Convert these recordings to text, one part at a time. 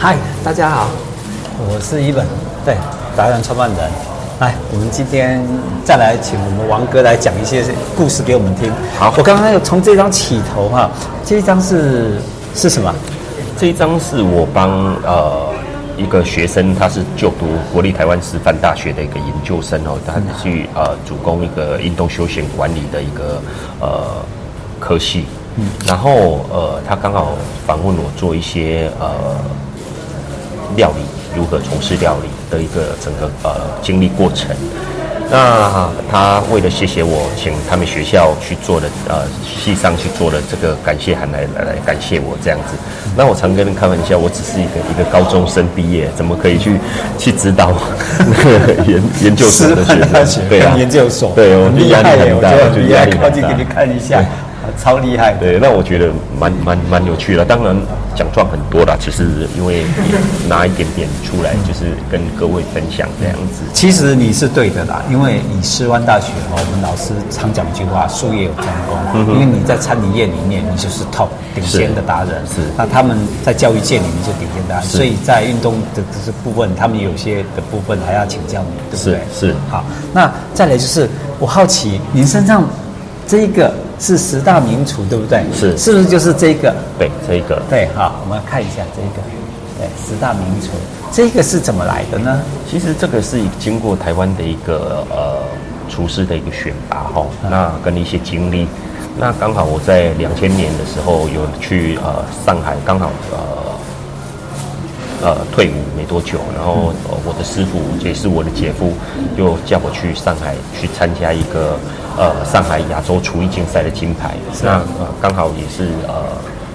嗨，大家好，我是一本，對，達人創辦人。來，我們今天再來請我們王哥來講一些故事給我們聽。好，我剛剛有從這張起頭哈，這一張是是什麼？這一張是我幫呃一個學生，他是就讀國立台灣師範大學的一個研究生哦，他去呃主攻一個運動休閒管理的一個呃科系。嗯，然後呃他剛好訪問我做一些呃。料理如何從事料理的一個整個呃經歷過程，那他為了謝謝我，請他們學校去做的呃系上去做的這個感謝函來來來，來，感謝我這樣子。那我常跟人開玩笑，我只是一個一個高中生畢業，怎麼可以去去指導呵呵研研究所的學生？學對啊，研究所對，厲害，我覺得壓力很大，我靠近給你看一下。超厲害！對，那我覺得蠻蠻蠻有趣的。當然獎狀很多啦，只是因為拿一點點出來，就是跟各位分享這樣子，嗯。其實你是對的啦，因為你師範大學哦，我們老師常講一句話：術業有專攻，嗯，因為你在餐飲業裡面，你就是 top 頂尖的達人是。是，那他們在教育界裡面就頂尖的達人，所以在運動的這部分，他們有些的部分還要請教你。對不對？是是，好，那再來就是我好奇您身上這一個。是十大名廚，對不對？是，是不是就是這個？對，這一個。對，好，我們要看一下這個，對，十大名廚，這個是怎麼來的呢？其實這個是經過台灣的一個呃廚師的一個選拔哈、哦，那跟一些經歷、嗯，那剛好我在兩千年的時候有去呃上海，剛好呃。呃，退伍沒多久，然後、呃、我的師傅也是我的姐夫，又叫我去上海去參加一個呃上海亞洲廚藝競賽的金牌，那、呃、剛好也是呃。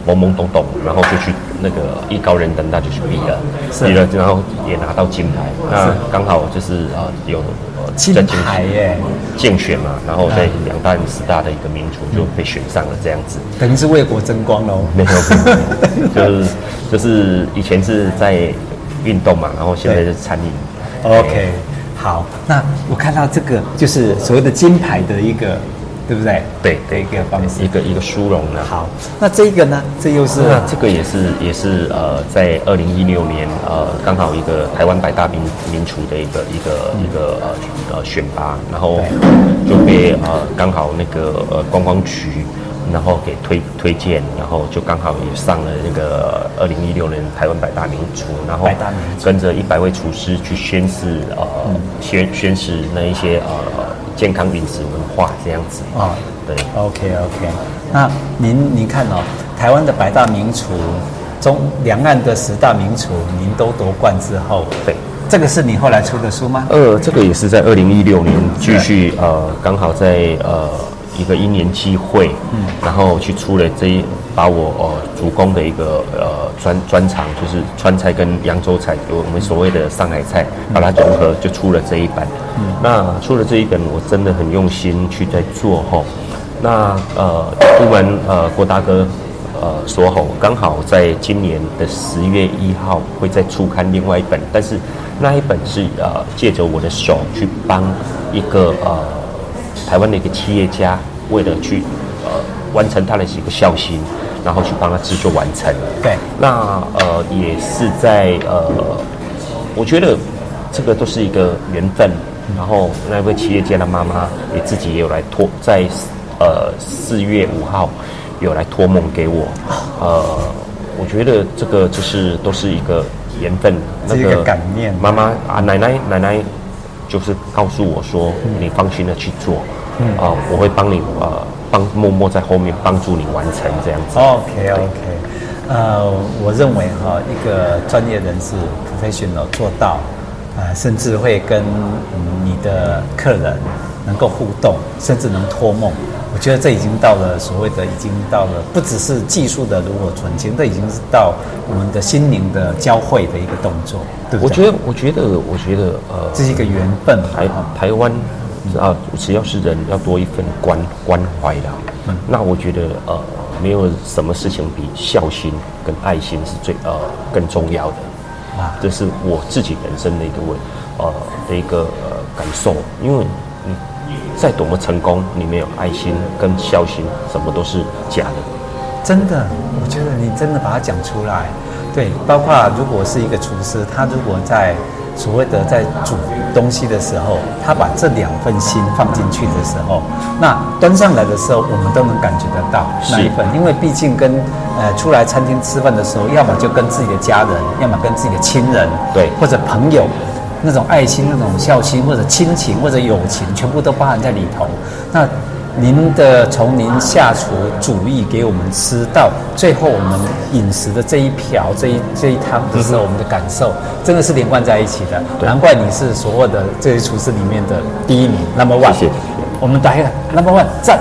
懵懵懂懂，然後就去那個藝高人等，那就去比了，比了，然後也拿到金牌。那剛好就是，是呃有呃金牌耶，競選嘛，然後在兩岸十大的一個民主就被選上了、嗯，這樣子，等於是為國爭光嘍、哦。沒有，就是就是以前是在運動嘛，然後現在是餐飲、呃。OK，好，那我看到這個就是所謂的金牌的一個。對不對？對、對、對這一方式，一個一個一個殊榮呢。好，那這個呢？這又是？啊？這個也是也是呃，在二零一六年呃，剛好一個台灣百大民民廚的一個一個、嗯、一個呃呃選拔，然後就被呃剛好那個呃觀光局，然後給推推薦，然後就剛好也上了那個二零一六年台灣百大名廚，然後跟着一百位廚師去宣誓呃，嗯、宣宣、宣誓那一些呃。健康飲食文化這樣子啊、哦，對，OK OK。那您您看哦，台灣的百大名廚，中兩岸的十大名廚，您都奪冠之後，對，這個是你後來出的書嗎？呃，這個也是在二零一六年繼續呃，剛好在呃。一個一年機會，嗯，然後去出了這一把我呃主攻的一個呃專專長，就是川菜跟揚州菜，有我們所謂的上海菜，嗯、把它融合，就出了這一版，嗯。那出了這一本，我真的很用心去在做吼，哦。那呃，部門呃郭大哥呃說吼，哦，我剛好在今年的十月一號會再出刊另外一本，但是那一本是呃借着我的手去幫一個呃。台灣的一個企業家，為了去呃完成他的幾個孝心，然後去幫他製作完成。對，那呃也是在呃，我覺得這個都是一個緣分。然後那位企業家的媽媽也自己也有來托，在呃四月五號有來托夢給我。呃，我覺得這個就是都是一個緣分。這個感念、那個、媽媽啊奶奶奶奶。奶奶就是告訴我說，你放心的去做，啊、嗯呃，我會幫你呃，幫默默在後面幫助你完成這樣子。OK OK，呃，我認為哈、呃，一個專業人士 professional 做到，啊、呃，甚至會跟、嗯、你的客人。能夠互動，甚至能托夢，我覺得這已經到了所謂的，已經到了不只是技術的爐火純青，這已經是到我們的心靈的交匯的一個動作對不對？我覺得，我覺得，我覺得，呃，這是一個緣分。台台灣啊、哦，只要是人，要多一份關關懷的、嗯。那我覺得，呃，沒有什麼事情比孝心跟愛心是最呃更重要的。啊，這是我自己人生的一個問，呃的一個、呃、感受，因為嗯。再多麼成功，你沒有愛心跟孝心，什麼都是假的。真的，我覺得你真的把它講出來。對，包括如果是一個廚師，他如果在所謂的在煮東西的時候，他把這兩份心放進去的時候，那端上來的時候，我們都能感覺得到那一份。因為畢竟跟呃出來餐廳吃飯的時候，要麼就跟自己的家人，要麼跟自己的親人，對，或者朋友。那種愛心、那種孝心或者親情或者友情，全部都包含在裡頭。那您的，從您下廚煮意給我們吃到最後我們飲食的這一瓢、這一、這一湯都是我們的感受，真的是連貫在一起的。難怪你是所有的這些廚師裡面的第一名，Number One。謝謝。我們打開，Number One，讚。No. 1, 讚。